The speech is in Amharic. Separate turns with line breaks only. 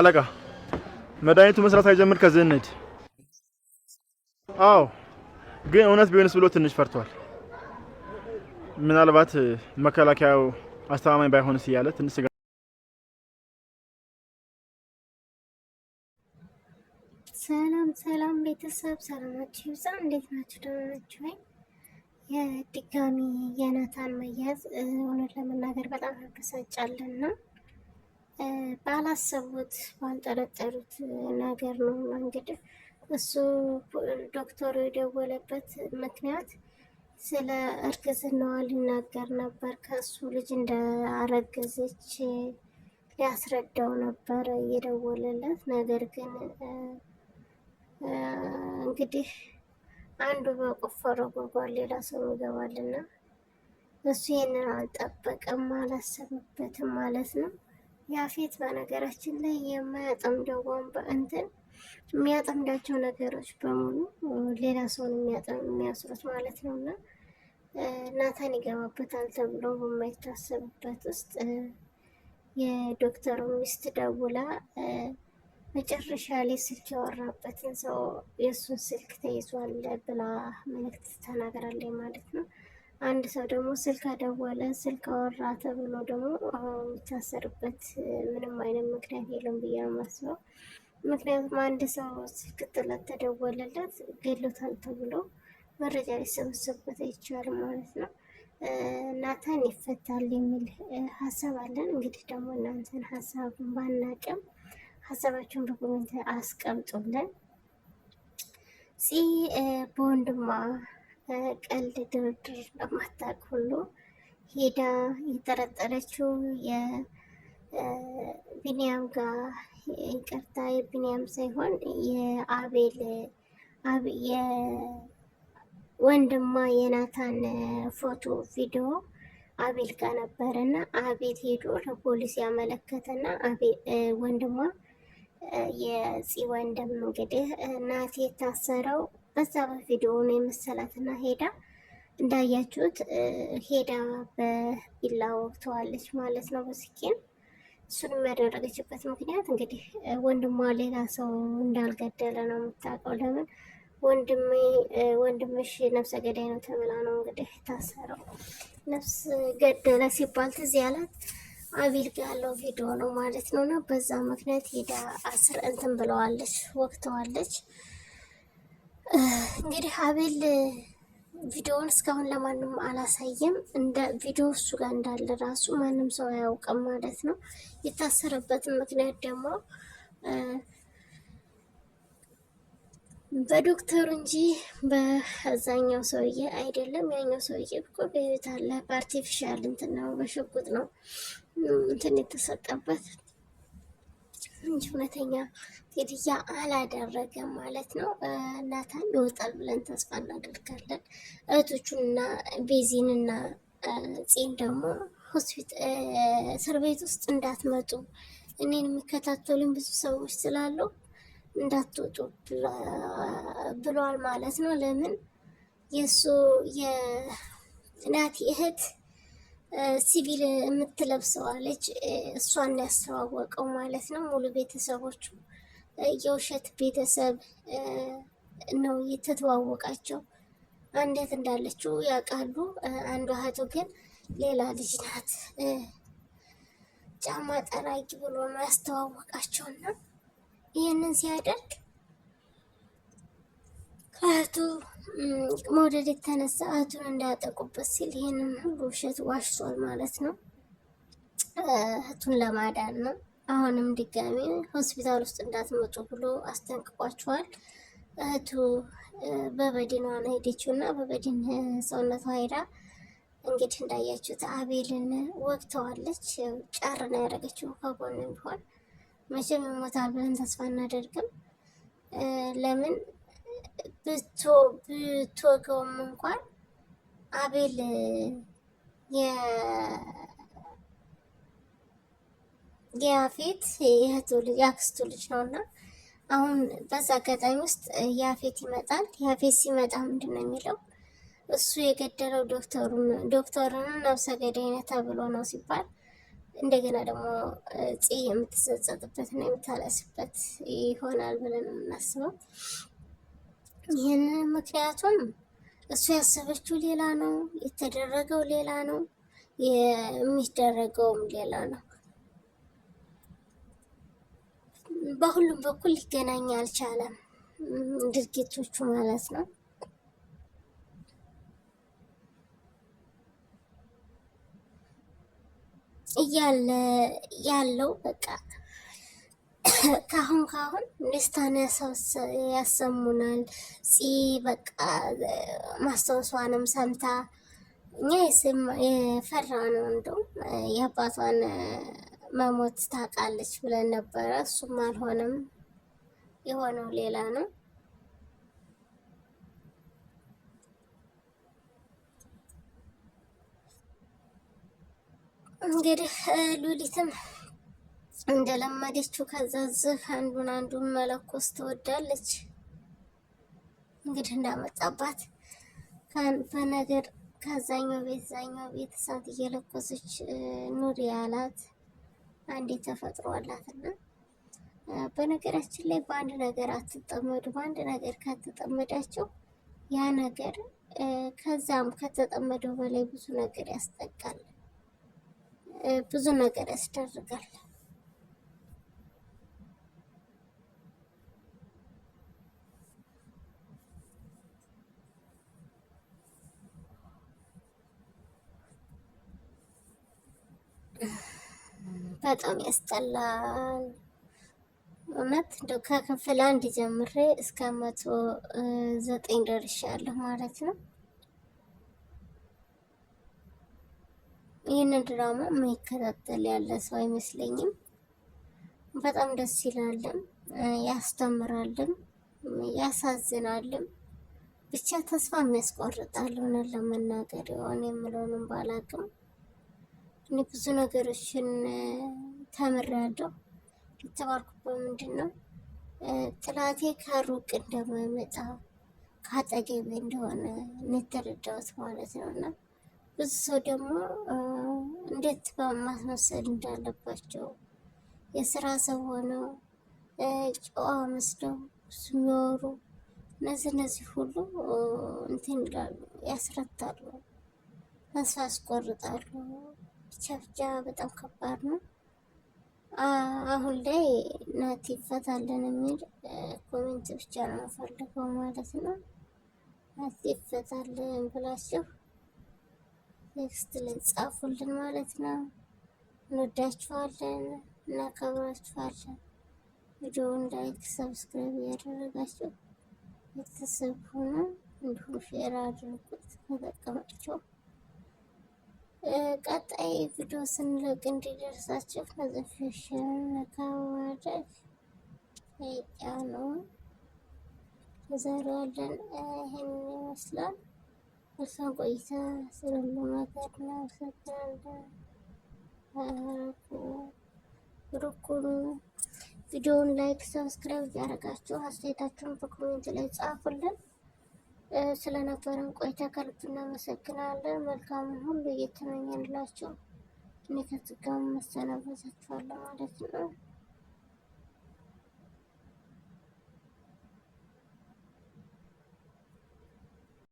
አለቃ መድኃኒቱ መስራት አይጀምር ከዚህ እንሂድ። አዎ ግን እውነት ቢሆንስ ብሎ ትንሽ ፈርቷል። ምናልባት መከላከያው አስተማማኝ ባይሆንስ እያለ ትንሽ ስጋ
ሰላም ሰላም ቤተሰብ ሰላማችሁ ይብዛ። እንዴት ናችሁ? ደህና ናችሁ ወይ? የድጋሚ የናታን መያዝ እውነት ለመናገር በጣም ያበሳጫልና ባላሰቡት ባንጠረጠሩት ነገር ነው እንግዲህ እሱ ዶክተሩ የደወለበት ምክንያት ስለ እርግዝናዋ ሊናገር ነበር። ከእሱ ልጅ እንዳረገዘች ሊያስረዳው ነበር እየደወለለት። ነገር ግን እንግዲህ አንዱ በቆፈረው ጉድጓድ ሌላ ሰው ይገባልና እሱ ይህንን አልጠበቀም፣ አላሰብበትም ማለት ነው። ያፌት በነገራችን ላይ የማያጠምደው ወንበ እንትን የሚያጠምዳቸው ነገሮች በሙሉ ሌላ ሰውን የሚያስሩት ማለት ነው። እና ናታን ይገባበታል ተብሎ በማይታሰብበት ውስጥ የዶክተሩ ሚስት ደውላ መጨረሻ ላይ ስልክ ያወራበትን ሰው የእሱን ስልክ ተይዟል ብላ መልእክት ተናግራለች ማለት ነው። አንድ ሰው ደግሞ ስልክ አደወለ፣ ስልክ አወራ ተብሎ ደግሞ የሚታሰርበት ምንም አይነት ምክንያት የለም ብዬ ነው የማስበው። ምክንያቱም አንድ ሰው ስልክ ጥለት ተደወለለት ገሎታል ተብሎ መረጃ ሊሰበሰብበት አይቻልም ማለት ነው። ናታን ይፈታል የሚል ሀሳብ አለን። እንግዲህ ደግሞ እናንተን ሀሳብ ባናቅም ሀሳባችሁን በኮሜንት አስቀምጡልን። ሲ በወንድማ። ቀልድ ድርድር በማታቅ ሁሉ ሄዳ የጠረጠረችው የቢንያም ጋር ይቅርታ፣ የቢንያም ሳይሆን የአቤል ወንድሟ የናታን ፎቶ ቪዲዮ አቤል ጋር ነበር እና አቤል ሄዶ ለፖሊስ ያመለከተና ወንድሟ የፂ ወንድም እንግዲህ እናቴ የታሰረው በዛ በቪዲዮውን የመሰላትና ሄዳ እንዳያችሁት ሄዳ በቢላ ወቅተዋለች ማለት ነው በስኪን። እሱን የሚያደረገችበት ምክንያት እንግዲህ ወንድሟ ሌላ ሰው እንዳልገደለ ነው የምታውቀው። ለምን ወንድምሽ ነፍሰ ገዳይ ነው ተብላ ነው እንግዲህ ታሰረው። ነፍስ ገደለ ሲባል ትዝ ያላት አቤል ጋር ያለው ቪዲዮ ነው ማለት ነው። እና በዛ ምክንያት ሄዳ አስር እንትን ብለዋለች ወቅተዋለች። እንግዲህ አቤል ቪዲዮውን እስካሁን ለማንም አላሳየም። እንደ ቪዲዮ እሱ ጋር እንዳለ ራሱ ማንም ሰው አያውቅም ማለት ነው። የታሰረበትን ምክንያት ደግሞ በዶክተሩ እንጂ በዛኛው ሰውዬ አይደለም። ያኛው ሰውዬ እኮ በህይወት አለ። በአርቲፊሻል እንትን ነው፣ በሽጉጥ ነው እንትን የተሰጠበት እንጂ እውነተኛ ግድያ አላደረገም ማለት ነው። ናታን ይወጣል ብለን ተስፋ እናደርጋለን። እህቶቹንና ቤዚንና ፂን ደግሞ እስር ቤት ውስጥ እንዳትመጡ እኔን የሚከታተሉኝ ብዙ ሰዎች ስላሉ እንዳትወጡ ብሏል ማለት ነው። ለምን የእሱ የናቲ እህት ሲቪል የምትለብሰዋለች እሷን ያስተዋወቀው ማለት ነው። ሙሉ ቤተሰቦቹ የውሸት ቤተሰብ ነው የተተዋወቃቸው። አንዴት እንዳለችው ያውቃሉ። አንዷ እህቱ ግን ሌላ ልጅ ናት። ጫማ ጠራጊ ብሎ ነው ያስተዋወቃቸውና ይህንን ሲያደርግ ከእህቱ መውደድ የተነሳ እህቱን እንዳያጠቁበት ሲል ይህንን ሁሉ ውሸት ዋሽቷል ማለት ነው። እህቱን ለማዳን ነው። አሁንም ድጋሚ ሆስፒታል ውስጥ እንዳትመጡ ብሎ አስጠንቅቋቸዋል። እህቱ በበድን ነው ሄደችው እና በበድን ሰውነቷ ሄዳ እንግዲህ እንዳያችሁት አቤልን ወግተዋለች። ጫር ነው ያደረገችው። ከጎን ቢሆን መቼም ይሞታል ብለን ተስፋ እናደርግም። ለምን ብትወገውም እንኳን አቤል የያፌት የእህቱ ልጅ የአክስቱ ልጅ ነው እና አሁን በዛ አጋጣሚ ውስጥ ያፌት ይመጣል። ያፌት ሲመጣ ምንድን ነው የሚለው እሱ የገደለው ዶክተሩን ነብሰ ገዳይ ነህ ተብሎ ነው ሲባል እንደገና ደግሞ ጽ የምትጸጸጥበት እና የምታለስበት ይሆናል ብለን የምናስበው። ይህንን ምክንያቱም እሱ ያሰበችው ሌላ ነው፣ የተደረገው ሌላ ነው፣ የሚደረገውም ሌላ ነው። በሁሉም በኩል ሊገናኝ አልቻለም፣ ድርጊቶቹ ማለት ነው። እያለ ያለው በቃ ካሁን ካሁን ደስታን ያሰሙናል። ፂ በቃ ማስታወሷንም ሰምታ እኛ የፈራ ነው እንደውም የአባቷን መሞት ታውቃለች ብለን ነበረ። እሱም አልሆነም፣ የሆነው ሌላ ነው። እንግዲህ ሉሊትም እንደለመደችው ዝህ አንዱን አንዱን መለኮስ ትወዳለች። እንግዲህ እንዳመጣባት በነገር ከዛኛው ቤት ዛኛው ቤት እሳት እየለኮሰች ኑሪ ያላት አንዴ ተፈጥሮ አላትና በነገራችን ላይ በአንድ ነገር አትጠመዱ። በአንድ ነገር ከተጠመዳቸው ያ ነገር ከዛም ከተጠመደው በላይ ብዙ ነገር ያስጠቃል፣ ብዙ ነገር ያስደርጋል። በጣም ያስጠላል። እውነት እንደው ከክፍል አንድ ጀምሬ እስከ መቶ ዘጠኝ ደርሻለሁ ማለት ነው። ይህንን ድራማ የሚከታተል ያለ ሰው አይመስለኝም። በጣም ደስ ይላልም፣ ያስተምራልም፣ ያሳዝናልም፣ ብቻ ተስፋ የሚያስቆርጣል። እውነት ለመናገር የሆነ የምለውንም ባላቅም እኔ ብዙ ነገሮችን ተምሬያለሁ። የተማርኩበት ምንድን ነው ጥላቴ ከሩቅ እንደማይመጣ ከአጠገቤ እንደሆነ የተረዳሁት ማለት ነው። እና ብዙ ሰው ደግሞ እንዴት በማስመሰል እንዳለባቸው የስራ ሰው ሆነው ጨዋ መስለው የሚወሩ እነዚህ እነዚህ ሁሉ እንትን ይላሉ፣ ያስረታሉ፣ ተስፋ ያስቆርጣሉ። ብቻ ብቻ በጣም ከባድ ነው። አሁን ላይ ናቲ ይፈታለን የሚል ኮሜንት ብቻ ነው የምፈልገው ማለት ነው። ናቲ ይፈታለን ብላችሁ ቴክስት ልጻፉልን ማለት ነው። እንወዳችኋለን፣ እናከብራችኋለን። ቪዲዮውን ላይክ፣ ሰብስክራይብ ያደረጋችሁ ቤተሰብ ሆኖ እንዲሁም ሼር አድርጉት ተጠቀማቸው። ቀጣይ ቪዲዮ ስንለቅ እንዲደርሳችሁ መጽፈሻን መካዋደግ ያነውን የዛሬው አለን ይህን ይመስላል። መልካም ቆይታ። ስለሉ ነገር እናመሰግናለን። ሩኩን ቪዲዮውን ላይክ፣ ሰብስክራይብ ያደረጋችሁ አስተያየታችሁን በኮሜንት ላይ ጻፉልን። ስለነበረን ቆይታ ከልብ እናመሰግናለን። መልካሙን ሁሉ እየተመኘንላቸው እኔ ከዚህ ጋር መሰናበታችኋለሁ ማለት ነው።